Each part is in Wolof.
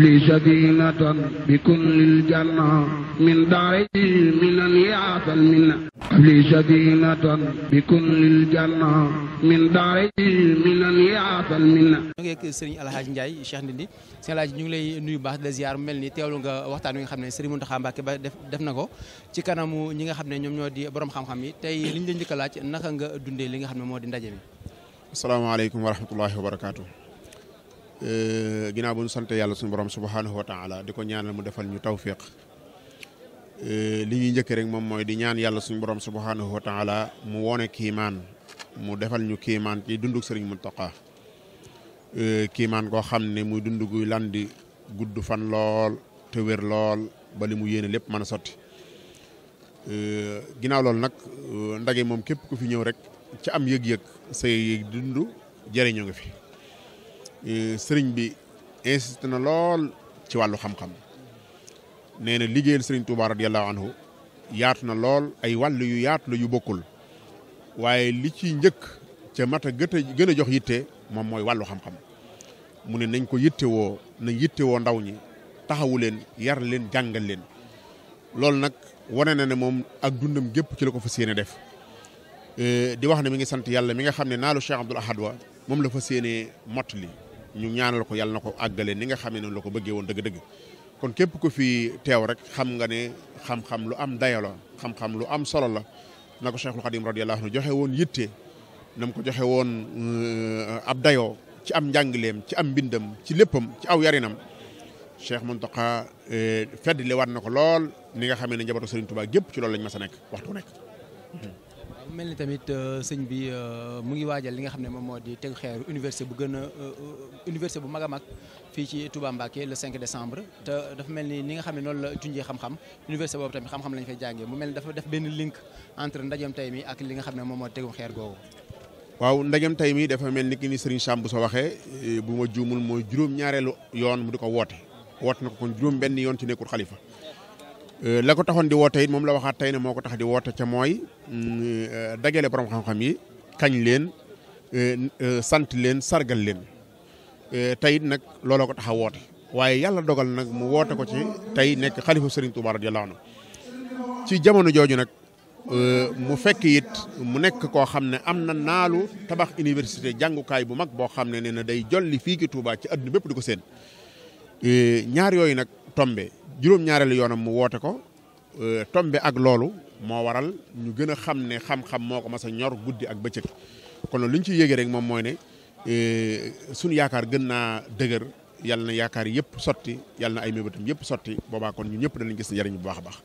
li safinatan bi kullil janna min daari minan yaasal minna li safinatan bi kullil janna min daari minan yaasal minna ñu ngi ak sëriñ Ndindi sëriñ alhaaj ñu ngi lay nuyu baax de mel ni teewlu nga waxtaan wi nga xam ne sëriñ Mountakha Mbacké ba def na ko ci kanamu ñi nga xam ne ñoom ñoo di borom xam-xam yi tey liñ la njëkk a laaj naka nga dundee li nga xam ne moo di ndaje mi asalaamaaleykum wa rahmatullahi wa Euh, ginaaw bu ñu sant yàlla suñu borom subhanahu wa taala di ko ñaanal mu defal ñu tawfiq euh, li ñuy njëkk rek moom mooy di ñaan yàlla suñu borom subhanahu wa taala mu wone kiimaan mu defal ñu kiimaan ci dundug mu Muntaqa euh, kiimaan koo xam ne muy dund guy landi gudd fan lool te wér lool bali mu yéene lépp mën a sotti ginnaaw loolu nag ndage moom képp ku fi ñëw rek ci am yëg-yëg say dundu jëriñoo ngi fi. Eh, sëriñ bi insisté na lool ci wàllu xam-xam nee na liggéeyal sëriñ Touba radiyallahu anhu yaatu na lool ay wàll yu yaatu la yu bokkul waaye li ci njëkk ca mat a gët gën a jox yitte moom mooy wàllu xam-xam mu ne nañ ko yitte woo nañ yitte woo ndaw ñi taxawu leen yar leen jàngal leen loolu nag wane na ne moom ak dundam gépp ci la ko fa yéene def eh, di wax ne mi ngi sant yàlla mi nga xam ne naalu Cheikh Abdoul Ahad wa moom la fa yéene mott li ñu ñaanal ko yàlla na ko àggale ni nga xamee ne la ko bëggee woon dëgg-dëgg kon képp ku fi teew rek xam nga ne xam-xam lu am dayo la xam-xam lu am solo la na ko Cheikhul Khadim radiyallahu anhu joxe woon yitte na ko joxe woon euh, ab dayo ci am njàngaleem ci am mbindam ci léppam ci aw yarinam Cheikh Mountakha euh, fedd li war na ko lool ni nga xamee ne njabootu Serigne Touba gépp ci lool lañ mas a nekk waxtu nekk. mel ni tamit euh, sëñ bi euh, mu ngi waajal li nga xam ne moom moo di tegu xeeru université bu gën a euh, université bu mag a mag fii ci Touba Mbacké le 5 décembre te dafa mel ni ni nga xam ne noonu la junjee xam-xam université boobu tamit xam-xam lañ fay jàngee mu mel ni dafa def benn link entre ndajem tey mi ak li nga xam ne moom moo di tegum xeer googu. waaw ndajem tey mi dafa mel ni ki ni Serigne Samb bu soo waxee eh, bu ma juumul mooy juróom-ñaareelu yoon mu di ko woote woote na ko juróom benn yoon ci nekkul xalifa Euh, la ko taxoon di woote it moom la waxaat tey ne moo ko tax di woote ca mooy mm, euh, dajale borom xam-xam yi kañ leen euh, sant leen sargal leen tey nag looloo ko tax a woote waaye yàlla dogal nag mu woote ko ci tey nekk xalifa Serigne Touba radiyallahu anhu ci jamono jooju nag mu fekk it mu nekk koo xam ne am na naalu tabax université jàngukaay bu mag boo xam ne ne na day jolli fii ci Touba ci àdduna bépp di ko seen ñaar yooyu nag tombe juróom-ñaareelu yoonam mu woote ko euh, tombe ak loolu moo waral ñu gën a xam ne xam-xam moo ko mas a ñor guddi ak bëccëg kon loolu li ñu ciy yéegee rek moom mooy ne euh, sunu yaakaar gën naa dëgër yàlla na yaakaar yëpp sotti yàlla na ay mébétam yëpp sotti boobaa kon ñu ñëpp danañ gis njëriñ bu baax a baax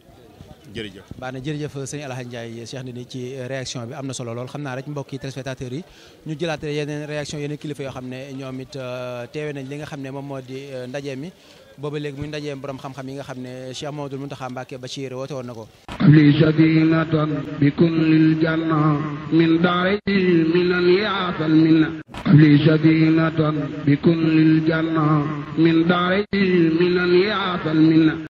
jërëjëf baax na jërëjëf sëñ El Hadj Ndiaye Cheikh Ndindi ci réaction bi am na solo lool xam naa rek mbokki téléspectateurs yi ñu jëlaat yeneen réaction yeneen kilifa yoo xam ne ñoom it euh, teewe nañ li nga xam ne moom moo di euh, ndaje mi booba léegi muy ndaje borom xam-xam yi nga xam ne Cheikh Mamadou Mountakha Mbacké Bachir woote woon na ko li sadinatan bikun lil janna min daari minan yaatal li sadinatan min daari minan yaatal minna